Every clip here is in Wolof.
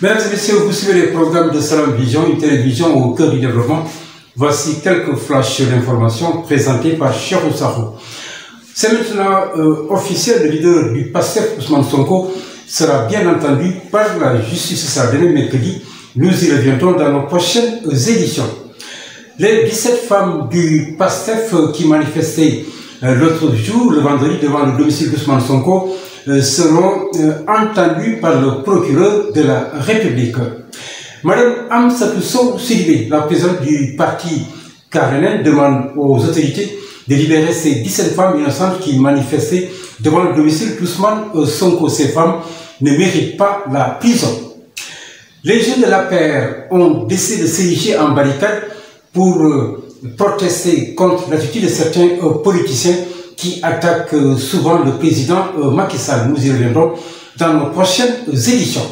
Mesdames et messieurs, vous suivez le programme de Salam Vision, une télévision au cœur du développement. Voici quelques flashs d'informations présentés par Cheikh Oussarou. C'est maintenant euh, officiel, le leader du PASTEF, Ousmane Sonko, sera bien entendu par la justice ça demain mercredi. Nous y reviendrons dans nos prochaines éditions. Les 17 femmes du PASTEF euh, qui manifestaient euh, l'autre jour, le vendredi, devant le domicile d'Ousmane Sonko, Euh, seront euh, entendus par le procureur de la République. Madame Amsatou Sow Sidibé, la présidente du parti Carenen, demande aux autorités de libérer ces 17 femmes innocentes qui manifestaient devant le domicile d'Ousmane euh, Sonko. Ces femmes ne méritent pas la prison. Les jeunes de la paire ont décidé de s'ériger en barricade pour protester contre l'attitude de certains politiciens qui attaque euh, souvent le président euh, Macky Sall. Nous dans nos prochaines euh, éditions.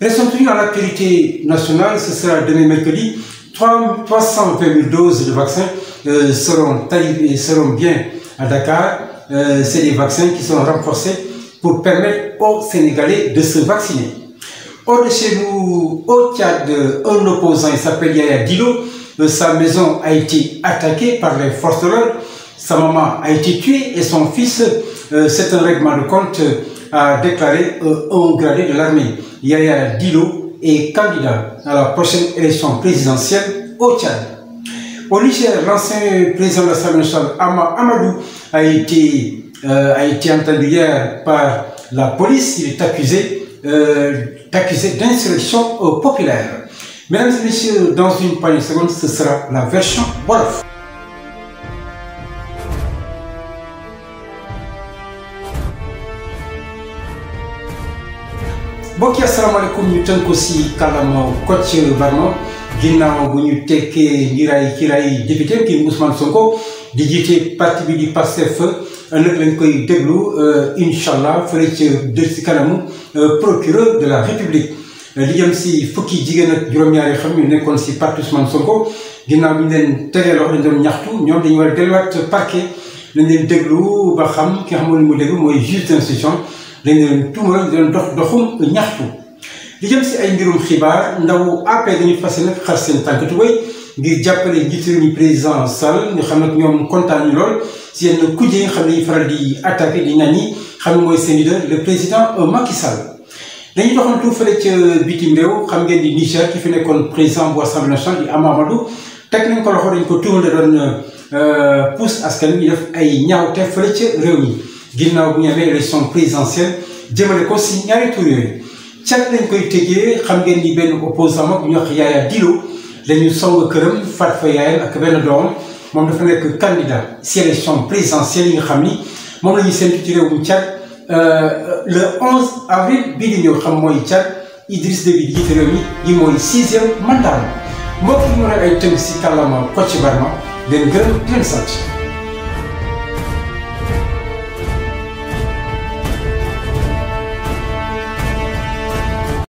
Restons tenus à l'actualité nationale, ce sera demain mercredi. de vaccins seront, bien à Dakar. Euh, C'est des vaccins qui sont renforcés pour permettre aux Sénégalais de se vacciner. Hors chez nous, au Tchad, un opposant, il s'appelle Yaya sa maison a été attaquée par les forcereurs Sa maman a été tuée et son fils, euh, c'est un règlement de compte, euh, a déclaré euh, un gradé de l'armée. Yaya Dilo est candidat à la prochaine élection présidentielle au Tchad. Au Niger, l'ancien président de l'Assemblée nationale, Amadou, a été, euh, par la police. Il est accusé, euh, accusé d'insurrection euh, populaire. Mesdames et messieurs, dans une poignée de ce sera la version Wolof. mbokk yi asalaamaaleykum ñu tënk ko si kàllaama Kocc Barma ginnaaw bu ñu tekkee njiraay njiraay député kii Ousmane Sonko di jiite parti bi di Pastef nag lañ koy déglu euh, incha allah fële ca dër si kanamu euh, procureur de la république. li jëm si fukki jigéen ak juróom-ñaari xam ñu nekkoon si parti Ousmane Sonko ginnaaw bi ñu leen tegee loxo dañ doon ñaxtu ñoom dañu war a delluwaat parquet lañ leen déglu ba xam ki nga mu déglu mooy juge d'instruction. dañ leen tuumal di leen dox doxum ñaxtu li jëm si ay mbirum xibaar ndaw APR dañu fas yéene xar seen tànkatu way ngir jàppale njiitu réew mi président Sall ñu xam nag ñoom kontaan ñu lool si yenn kuje yi nga xam ne faral di attaqué di naan yi xam ne mooy seen leader le président euh, Macky Sall. dañuy doxantu fële ca bitim réew xam ngeen di Niger ki fi nekkoon président bu assemblée nationale di Amadou teg nañ ko loxo dañ ko tuumal da doon euh, pousse askan wi def ay ñaawte fële ca réew mi. ginnaaw bu ñu amee élection présidentielle jëmale ko si ñaari tur yooyu cat lañ koy tëjee xam ngeen ni benn opposant mag bu ñu wax Yaya Dillo lañu song këram moom dafa nekk candidat yi nga xam ni moom la ñuy séntu ci réewum Tchad euh, le 11 avril bii di ñëw xam mooy Tchad Idriss Déby jiite réew mi yi mooy sixième mandat ne ay tënk si kàllaama